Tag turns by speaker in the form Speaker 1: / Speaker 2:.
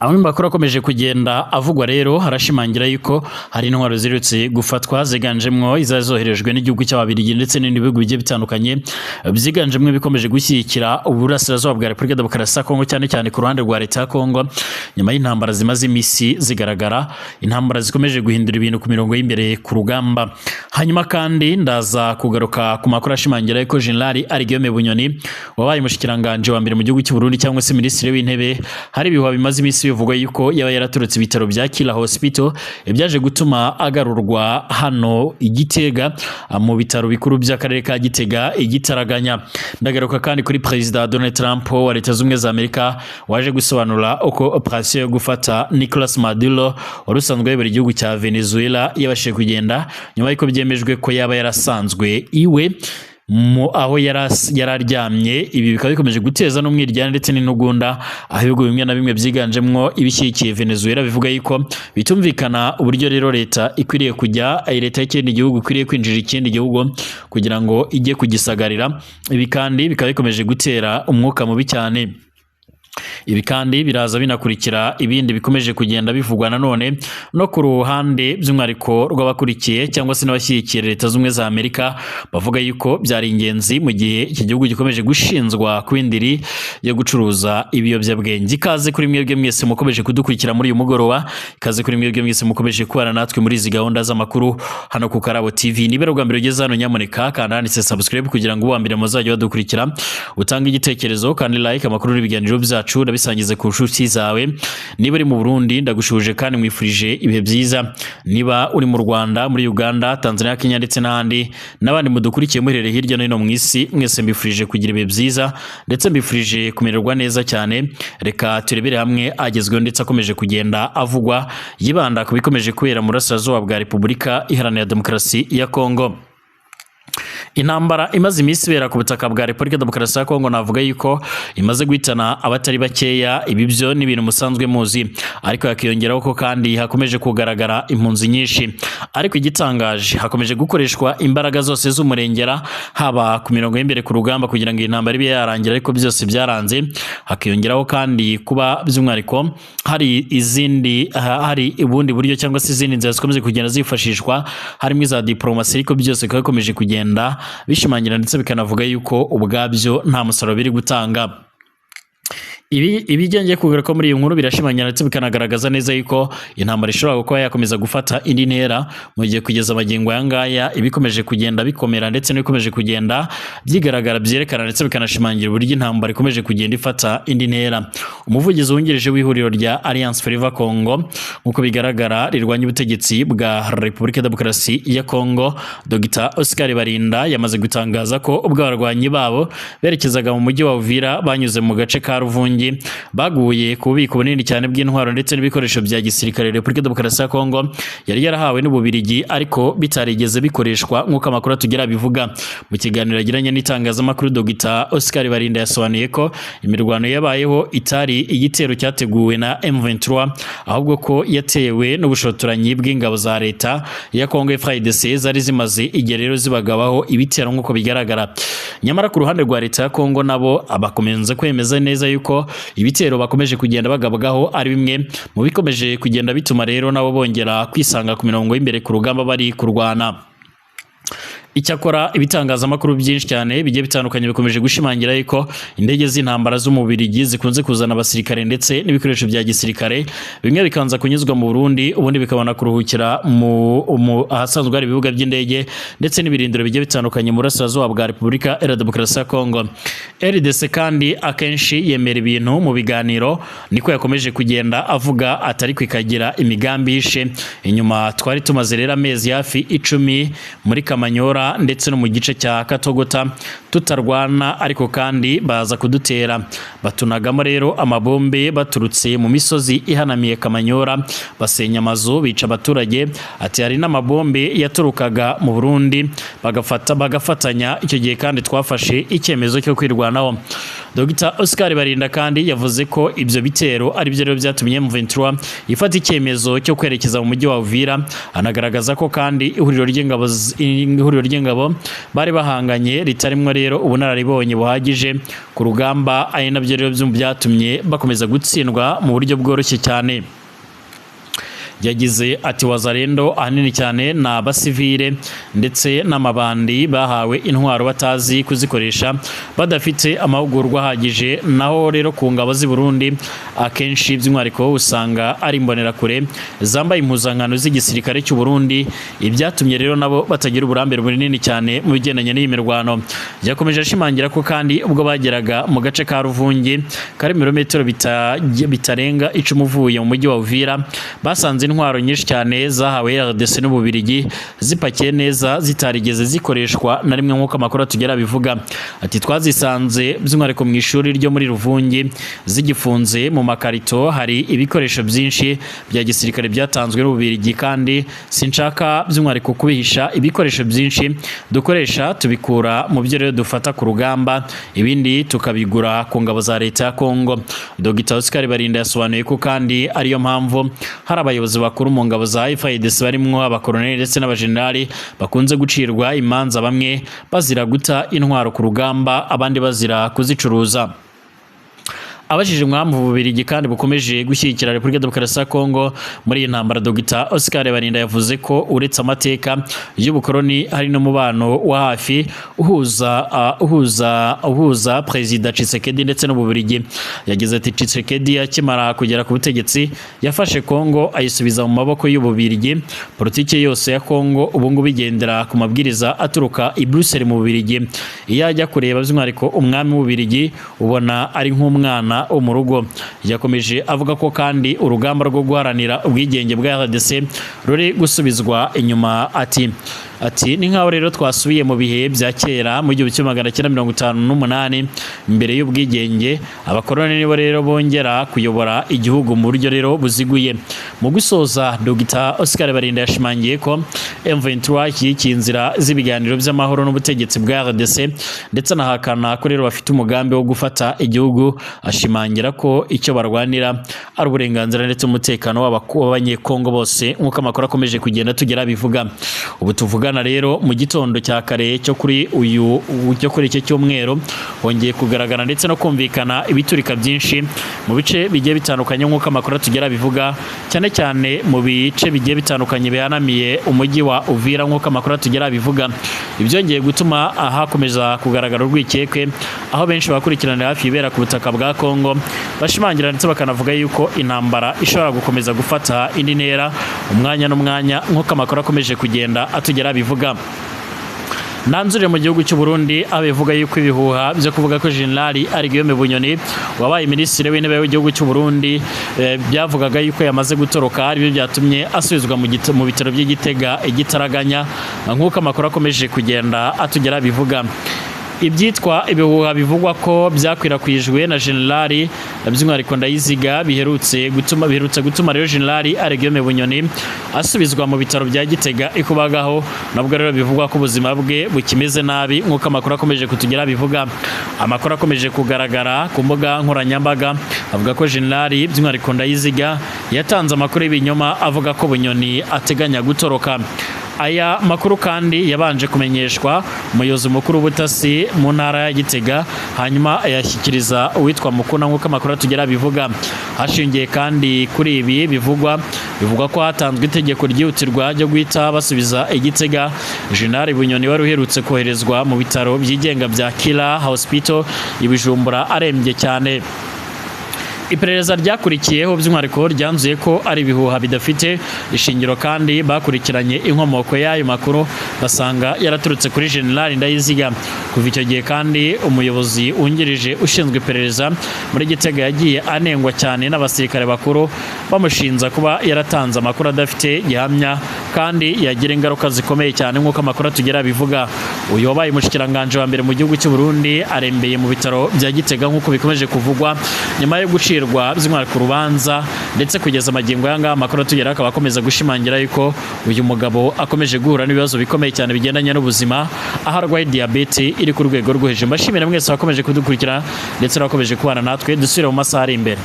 Speaker 1: Amwe mu makuru akomeje kugenda avugwa rero harashimangira yuko hari intwaro zirutse gufatwa ziganjemwo izazoherejwe n'igihugu cy'ababirigi ndetse n'ibindi bihugu bigiye bitandukanye byiganjemwo ibikomeje gushyigikira uburasirazuba bwa Repubulika Demokarasi ya Kongo cyane cyane ku ruhande rwa leta ya Kongo nyuma y'intambara zimaze iminsi zigaragara intambara zikomeje guhindura ibintu ku mirongo y'imbere ku rugamba hanyuma kandi ndaza kugaruka ku makuru ashimangira yuko General ari Guillaume Bunyoni wabaye umushikiranganje wa mbere mu gihugu cy'u cyangwa se minisitiri w'intebe hari ibihuha bimaze iminsi polisi bivugwa yuko yaba yaraturutse ibitaro bya Kira Hospital ibyaje gutuma agarurwa hano i Gitega mu bitaro bikuru by'akarere ka Gitega igitaraganya ndagaruka kandi kuri perezida Donald Trump wa leta z'ubumwe za Amerika waje gusobanura uko operation yo gufata Nicolas Maduro wari usanzwe ayobora igihugu cya Venezuela yabashije kugenda nyuma y'uko byemejwe ko yaba yarasanzwe iwe aho yari aryamye ibi bikaba bikomeje guteza n'umwiryane ndetse n'intugunda aho ibihugu bimwe na bimwe byiganjemo ibishyigikiye venezuela bivuga yuko bitumvikana uburyo rero leta ikwiriye kujya eh, leta y'ikindi gihugu ikwiriye kwinjira ikindi gihugu kugira ngo ijye kugisagarira ibi kandi bikaba bikomeje gutera umwuka mubi cyane ibi kandi biraza binakurikira ibindi bikomeje kugenda bivugwa nanone no ku ruhande by'umwariko rw'abakurikiye cyangwa se n'abashyigikiye leta z'umwe za amerika bavuga yuko byari ingenzi mu gihe iki gihugu gikomeje gushinzwa ku indiri yo gucuruza ibiyobyabwenge ikaze kuri mwebwe mwese mukomeje kudukurikira muri uyu mugoroba ikaze kuri mwebwe mwese mukomeje kubana natwe muri izi gahunda z'amakuru hano ku karabo tv niba bwa mbere ugeze hano nyamuneka kanda handitse subscribe kugira ngo uwa mbere muzajye badukurikira utange igitekerezo kandi like amakuru n'ibiganiro byacu bisangize ku nshuti zawe niba uri mu Burundi ndagushuje kandi mwifurije ibihe byiza niba uri mu Rwanda muri Uganda Tanzania Kenya ndetse n'ahandi n'abandi mudukurikiye muherere hirya no hino mu isi mwese mbifurije kugira ibihe byiza ndetse mbifurije kumererwa neza cyane reka turebere hamwe agezweho ndetse akomeje kugenda avugwa yibanda ku bikomeje kubera mu burasirazuba bwa Repubulika Iharanira Demokarasi ya Kongo intambara imaze iminsi ibera ku butaka bwa repubulika demokarasi ya kongo navuga yuko imaze guhitana abatari bakeya ibi byo ni ibintu musanzwe muzi ariko hakiyongeraho ko kandi hakomeje kugaragara impunzi nyinshi ariko igitangaje hakomeje gukoreshwa imbaraga zose z'umurengera haba ku mirongo y'imbere ku rugamba kugira ngo iyi ntambara ibe yarangira ariko byose byaranze hakiyongeraho kandi kuba by'umwihariko hari izindi hari ubundi buryo cyangwa se izindi nzira zikomeje kugenda zifashishwa harimo iza diporomasi ariko byose bikaba bikomeje kugenda bishimangira ndetse bikanavuga yuko ubwabyo nta musaruro biri gutanga ibijya ngiye kugira ko muri iyi nkuru birashimanya ndetse bikanagaragaza neza yuko intambara ishobora kuba yakomeza gufata indi ntera mu gihe kugeza amagingo aya ngaya ibikomeje kugenda bikomera ndetse n'ibikomeje kugenda byigaragara byerekana ndetse bikanashimangira uburyo intambara ikomeje kugenda ifata indi ntera umuvugizi wungirije w'ihuriro rya Alliance Fleuve Congo nk'uko bigaragara rirwanya ubutegetsi bwa Repubulika ya Demokarasi ya Congo Dr Oscar Barinda yamaze gutangaza ko ubwo abarwanyi babo berekezaga mu mujyi wa Uvira banyuze mu gace ka Ruvungi Karongi baguye ku bubiko bunini cyane bw'intwaro ndetse n'ibikoresho bya gisirikare Repubulika Demokarasi ya Kongo yari yarahawe n'Ububirigi ariko bitarigeze bikoreshwa nk'uko amakuru atugira abivuga mu kiganiro agiranye n'itangazamakuru Dr Oscar Barinda yasobanuye ko imirwano yabayeho itari igitero cyateguwe na m ahubwo ko yatewe n'ubushotoranyi bw'ingabo za leta ya Kongo FARDC zari zimaze igihe rero zibagabaho ibitero nk'uko bigaragara nyamara ku ruhande rwa leta ya Kongo nabo abakomenza kwemeza neza yuko ibitero bakomeje kugenda bagabwaho ari bimwe mu bikomeje kugenda bituma rero nabo bongera kwisanga ku mirongo y'imbere ku rugamba bari kurwana Icyakora ibitangazamakuru byinshi cyane bigiye bitandukanye bikomeje gushimangira yuko indege z'intambara z'umubirigi zikunze kuzana abasirikare ndetse n'ibikoresho bya gisirikare bimwe bikanza kunyuzwa mu Burundi ubundi bikabona kuruhukira mu ahasanzwe hari ibibuga by'indege ndetse n'ibirindiro bigiye bitandukanye mu burasirazuba bwa Repubulika ya Demokarasi ya Kongo RDC kandi akenshi yemera ibintu mu biganiro niko yakomeje kugenda avuga atari kwikagira imigambi yishe inyuma twari tumaze rero amezi hafi icumi muri Kamanyora ndetse no mu gice cya Katogota tutarwana ariko kandi baza kudutera batunagamo rero amabombe baturutse mu misozi ihanamiye Kamanyora basenya amazu bica abaturage ati hari n'amabombe yaturukaga mu Burundi bagafata bagafatanya icyo gihe kandi twafashe icyemezo cyo kwirwanaho Dr Oscar Barinda kandi yavuze ko ibyo bitero ari byo rero byatumye M23 ifata icyemezo cyo kwerekeza mu mujyi wa Uvira anagaragaza ko kandi ihuriro ry'ingabo ihuriro ry'ingabo bari bahanganye ritarimwe rero ubunararibonye buhagije ku rugamba ari nabyo rero byatumye bakomeza gutsindwa mu buryo bworoshye cyane yagize ati wazarendo ahanini cyane ni abasivile ndetse n'amabandi bahawe intwaro batazi kuzikoresha badafite amahugurwa ahagije naho rero ku ngabo z'i Burundi akenshi by'umwihariko usanga ari imbonerakure zambaye impuzankano z'igisirikare cy'u Burundi ibyatumye rero nabo batagira uburambe bunini cyane mu bigendanye n'iyi mirwano yakomeje ashimangira ko kandi ubwo bageraga mu gace ka Ruvungi kari ibirometero bitarenga icumi uvuye mu mujyi wa Uvira basanze intwaro nyinshi cyane zahawe RDC n'Ububirigi zipakiye neza zitarigeze zikoreshwa na rimwe nk'uko amakuru atugera abivuga ati twazisanze by'umwihariko mu ishuri ryo muri Ruvungi zigifunze mu makarito hari ibikoresho byinshi bya gisirikare byatanzwe n'Ububirigi kandi sinshaka by'umwihariko kubihisha ibikoresho byinshi dukoresha tubikura mu byo rero dufata ku rugamba ibindi tukabigura ku ngabo za leta ya Kongo Dr Oscar Barinda yasobanuye ko kandi ariyo mpamvu hari abayobozi abayobozi bakuru mu ngabo za FARDC barimo abakoloneli ndetse n'abajenerali bakunze gucirwa imanza bamwe bazira guta intwaro ku rugamba abandi bazira kuzicuruza abajije umwami mu bubirigi kandi bukomeje gushyigikira repubulika demokarasi ya kongo muri iyi ntambara dogita oscar barinda yavuze ko uretse amateka y'ubukoroni hari n'umubano wa hafi uhuza uh, uhuza uhuza perezida cisekedi ndetse n'ububirigi yagize ati cisekedi akimara kugera ku butegetsi yafashe kongo ayisubiza mu maboko y'ububirigi politiki yose ya kongo ubungubu igendera ku mabwiriza aturuka i buruseli mu bubirigi iyo ajya kureba by'umwihariko umwami w'ububirigi ubona ari nk'umwana abana bo mu rugo yakomeje avuga ko kandi urugamba rwo guharanira ubwigenge bwa RDC ruri gusubizwa inyuma ati ati ni nk'aho rero twasubiye mu bihe bya kera mu gihumbi kimwe magana cyenda mirongo itanu n'umunani imbere y'ubwigenge abakoroni nibo rero bongera kuyobora igihugu mu buryo rero buziguye mu gusoza Dogita Oscar Barinda yashimangiye ko M23 inzira z'ibiganiro by'amahoro n'ubutegetsi bwa RDC ndetse anahakana ko rero bafite umugambi wo gufata igihugu ashimangira ko icyo barwanira ari uburenganzira ndetse n'umutekano w'abanyekongo bose nk'uko amakuru akomeje kugenda tugera bivuga ubu tuvuga ugana rero mu gitondo cya kare cyo kuri uyu cyo kuri cyo cyumweru wongiye kugaragara ndetse no kumvikana ibiturika byinshi mu bice bigiye bitandukanye nk'uko amakuru atugera bivuga cyane cyane mu bice bigiye bitandukanye bihanamiye umujyi wa Uvira nk'uko amakuru atugera bivuga ibyongeye gutuma hakomeza kugaragara urwikekwe aho benshi bakurikiranira hafi ibera ku butaka bwa Kongo bashimangira ndetse bakanavuga yuko intambara ishobora gukomeza gufata indi ntera umwanya n'umwanya nk'uko amakuru akomeje kugenda atugera abivuga nanzurire mu gihugu cy'u Burundi abivuga yuko ibihuha byo kuvuga ko General Arigiyome Bunyoni wabaye minisitiri w'intebe w'igihugu cy'u Burundi eh, byavugaga yuko yamaze gutoroka ari byo byatumye asubizwa mu bitaro by'igitega igitaraganya nk'uko amakuru akomeje kugenda atugera bivuga ibyitwa ibihuha bivugwa ko byakwirakwijwe na generali by'umwihariko ndayiziga biherutse gutuma biherutse gutuma rero generali aregeme bunyoni asubizwa mu bitaro bya gitega ikubagaho nabwo rero bivugwa ko ubuzima bwe bukimeze nabi nk'uko amakuru akomeje kutugira bivuga amakuru akomeje kugaragara ku mbuga nkoranyambaga avuga ko generali by'umwihariko ndayiziga yatanze amakuru y'ibinyoma avuga ko bunyoni ateganya gutoroka aya makuru kandi yabanje kumenyeshwa umuyobozi mukuru w'ubutasi mu ntara ya gitega hanyuma yashyikiriza uwitwa mukuna nk'uko amakuru atugera bivuga hashingiye kandi kuri ibi bivugwa bivugwa ko hatanzwe itegeko ryihutirwa ryo guhita basubiza igitega jenali bunyoni wari uherutse koherezwa mu bitaro byigenga bya kila hospital ibijumbura arembye cyane iperereza ryakurikiyeho by'umwihariko ryanzuye ko ari ibihuha bidafite ishingiro kandi bakurikiranye inkomoko y'ayo makuru basanga yaraturutse kuri general ndayiziga kuva icyo gihe kandi umuyobozi wungirije ushinzwe iperereza muri gitega yagiye anengwa cyane n'abasirikare bakuru bamushinza kuba yaratanze amakuru adafite gihamya kandi yagira ingaruka zikomeye cyane nk'uko amakuru atugera bivuga uyu wabaye umushikiranganje wa mbere mu gihugu cy'u Burundi arembeye mu bitaro bya gitega nk'uko bikomeje kuvugwa nyuma yo gucira gucirwa by'umwihariko urubanza ndetse kugeza amagingo aya ngaya amakuru atugeraho akaba akomeza gushimangira yuko uyu mugabo akomeje guhura n'ibibazo bikomeye cyane bigendanye n'ubuzima aho arwaye diyabete iri ku rwego rwo hejuru mbashimira mwese wakomeje kudukurikira ndetse n'abakomeje kubana natwe dusubire mu masaha ari imbere